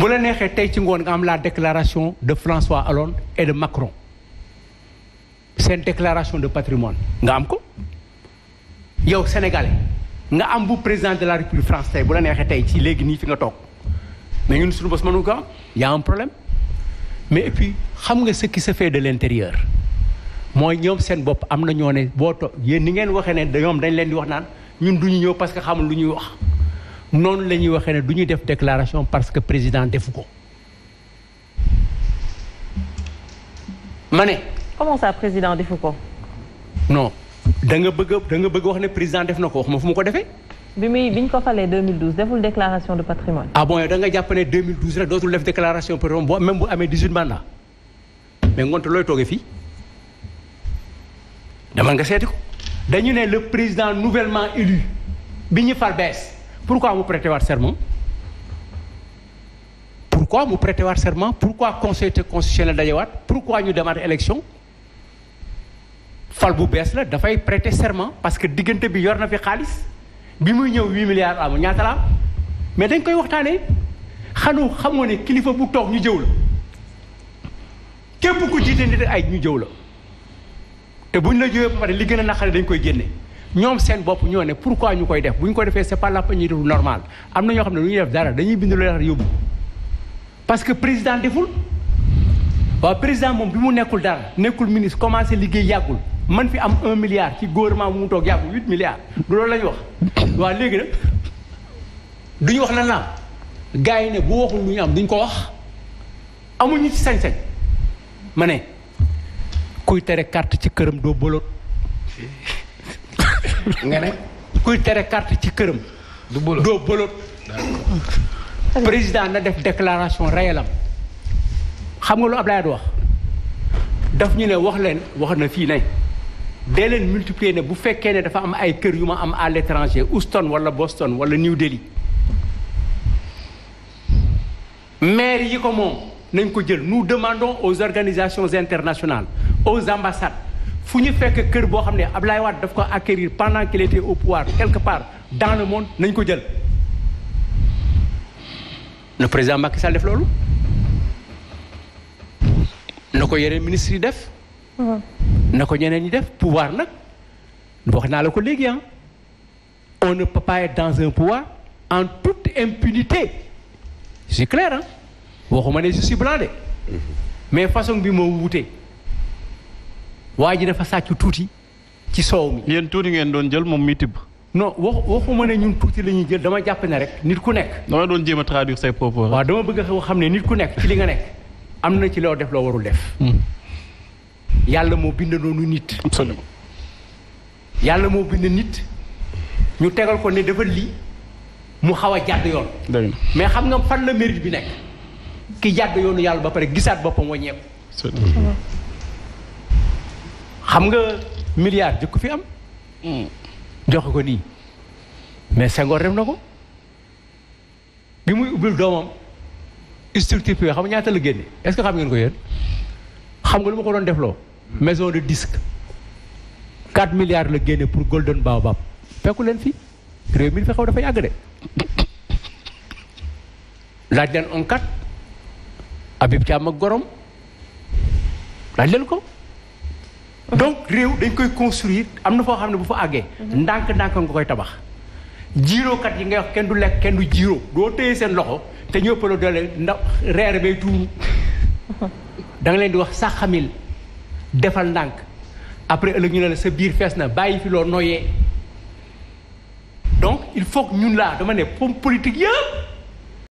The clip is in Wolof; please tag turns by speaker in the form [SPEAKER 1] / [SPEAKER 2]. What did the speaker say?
[SPEAKER 1] bu la neexee tey ci ngoon nga am la déclaration de François Hollande et de Macron seen déclaration de patrimoine nga am ko yow sénégalais nga am bu président de la république France bu la neexee tey ci léegi nii fi nga toog mais ñun suñu bos mënu ko am y a problème mais et puis xam nga ce sa se fait de l'intérieur mooy ñoom seen bopp am na ñoo ne boo to yéen ni ngeen waxee ne ñoom dañ leen di wax naan ñun duñu ñëw parce que xamul lu ñuy wax noonu la ñuy waxee ne du ñu def déclaration parce que président defu ko ma ne. comment ça président defu ko. non da nga bëgg da nga bëgg wax ne président def na ko wax ma fu mu ko defee. bi muy bi ñu ko falee 2012 deful déclaration de patrimoine. ah bon yow da nga jàpp ne 2012 rek dootul def déclaration patrimoine boo même bu amee 18 mandat mais ngoonte looy toogee fii dama nga seeti ko. dañu ne le président nouvellement élu bi ñu fal bees. pourquoi mu prêter waat serment pourquoi mu prêter waat serment pourquoi conseil constitutionnel dajewaat pourquoi ñu demaat élection fal bu bees la dafay prêter serment parce que diggante bi yor na fi xaalis bi muy ñëw huit milliards amul ñaata la mais dañ koy waxtaanee xanu xamoo ne kilifa bu toog ñu jëw la képp ku jiite nit ay ñu jëw la te buñ la jëwee ba pare li gën a naqare dañ koy génne. ñoom seen bopp ñoo ne pourquoi ñu koy def bu ñu ko defee c'est pas la peine normal am na ñoo xam ne lu ñuy def dara dañuy bind leetar yóbbu parce que président deful waaw président moom bi mu nekkul dara nekkul ministre commencé liggéey yàggul man fi am un milliard ci gouvernement mu mu toog yàggul huit milliards du loolu la wax waa léegi nag duñu wax na naam gars yi ne bu waxul lu ñu am duñ ko wax amuñu ci sañ-sañ ma ne kuy tere carte ci këram doo boloot nga ne kuy tere carte ci këram. du bolot doo bolot. président na def déclaration réelam xam nga lu Ablaye di wax daf ñu ne wax leen wax na fii ne dee leen multiplier ne bu fekkee ne dafa am ay kër yu ma am à l'étranger Houston wala Boston wala New Delhi maire yi ko moom nañ ko jël nous demandons aux organisations internationales aux ambassades fu ñu fekk kër boo xam ne Abdoulaye waat daf ko acquérir pendant qu'il était au pouvoir quelque part dans le monde nañ ko jël na président Macky Sall def loolu na ko yeneen ministre yi def mm-hmm. na ko ñeneen ñi def pouvoir nag wax naa la ko léegi ah on ne peut dans un pouvoir en toute impunité c'est clair ah waxuma ne je suis de mm-hmm. mais façon bi moo wutee waa ji dafa sàcc tuuti ci soow mi. yéen tuuti ngeen doon jël moom mi tibb. non wax waxuma ne ñun tuuti la ñuy jël dama jàpp ne rek nit ku nekk. dama doon jéem a say propos. waaw dama bëgg a xam ne nit ku nekk ci li nga nekk am na ci loo def loo warul hmm. moo bind noonu nit. absolument. yàlla moo bind nit ñu tegal ko ne dafa lii mu xaw a jàdd yoon. mais xam nga fan la mérite bi nekk ki jàdd yoonu yàlla ba pare gisaat boppam wàññeeku. xam nga milliard jëkk fi am hmm. joxe ko nii mais Senghor def na ko bi muy ubbil doomam structure privée xam nga ñaata la génne est-ce que xam ngeen ko yéen xam nga lu ma ko doon defloo maison de disque 4 milliards la génne pour Golden Baobab fekku leen fi réew mi fi xaw dafa yàgg de laaj leen onkat Habib Thiam ak gorom laaj leen ko donc réew dañ koy construire am na foo xam ne bu fa àggee. ndànk-ndànk nga koy tabax. jiirookat yi ngay wax kenn du lekk kenn du jiiroo doo téye seen loxo te ñëpp la doole ndax reer bay tuuru da leen di wax saxamil defal ndànk après ëllëg ñu ne la sa biir fees na bàyyi fi loo noyee donc il faut ñun laa dama ne pomme politique yëpp.